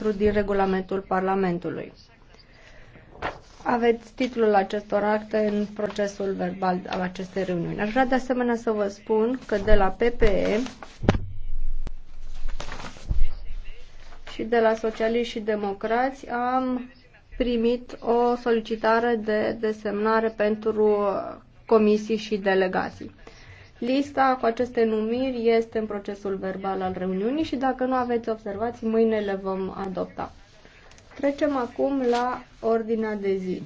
4 din regulamentul Parlamentului. Aveți titlul acestor acte în procesul verbal al acestei reuniuni. Aș vrea de asemenea să vă spun că de la PPE și de la Socialiști și Democrați am primit o solicitare de desemnare pentru comisii și delegații. Lista cu aceste numiri este în procesul verbal al reuniunii și dacă nu aveți observații, mâine le vom adopta. Trecem acum la ordinea de zi.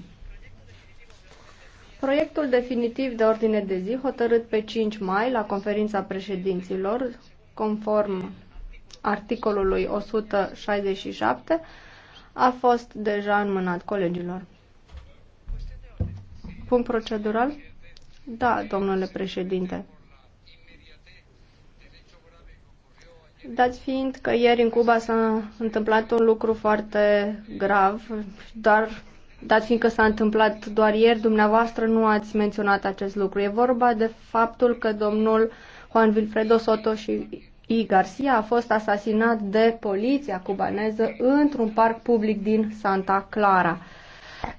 Proiectul definitiv de ordine de zi, hotărât pe 5 mai la conferința președinților, conform articolului 167, a fost deja înmânat colegilor. Punct procedural? Da, domnule președinte. Dați fiind că ieri în Cuba s-a întâmplat un lucru foarte grav, dar dat fiindcă s-a întâmplat doar ieri, dumneavoastră nu ați menționat acest lucru. E vorba de faptul că domnul Juan Wilfredo Soto și I. Garcia a fost asasinat de poliția cubaneză într-un parc public din Santa Clara.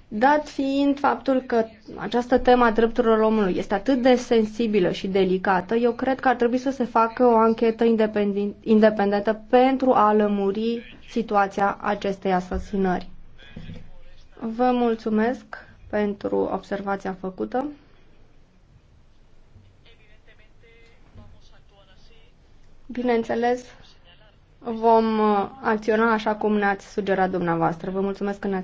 Dat fiind faptul că această temă a drepturilor omului este atât de sensibilă și delicată, eu cred că ar trebui să se facă o anchetă independentă pentru a lămuri situația acestei asasinări. Vă mulțumesc pentru observația făcută. Bineînțeles, vom acționa așa cum ne-ați sugerat dumneavoastră. Vă mulțumesc că ne-ați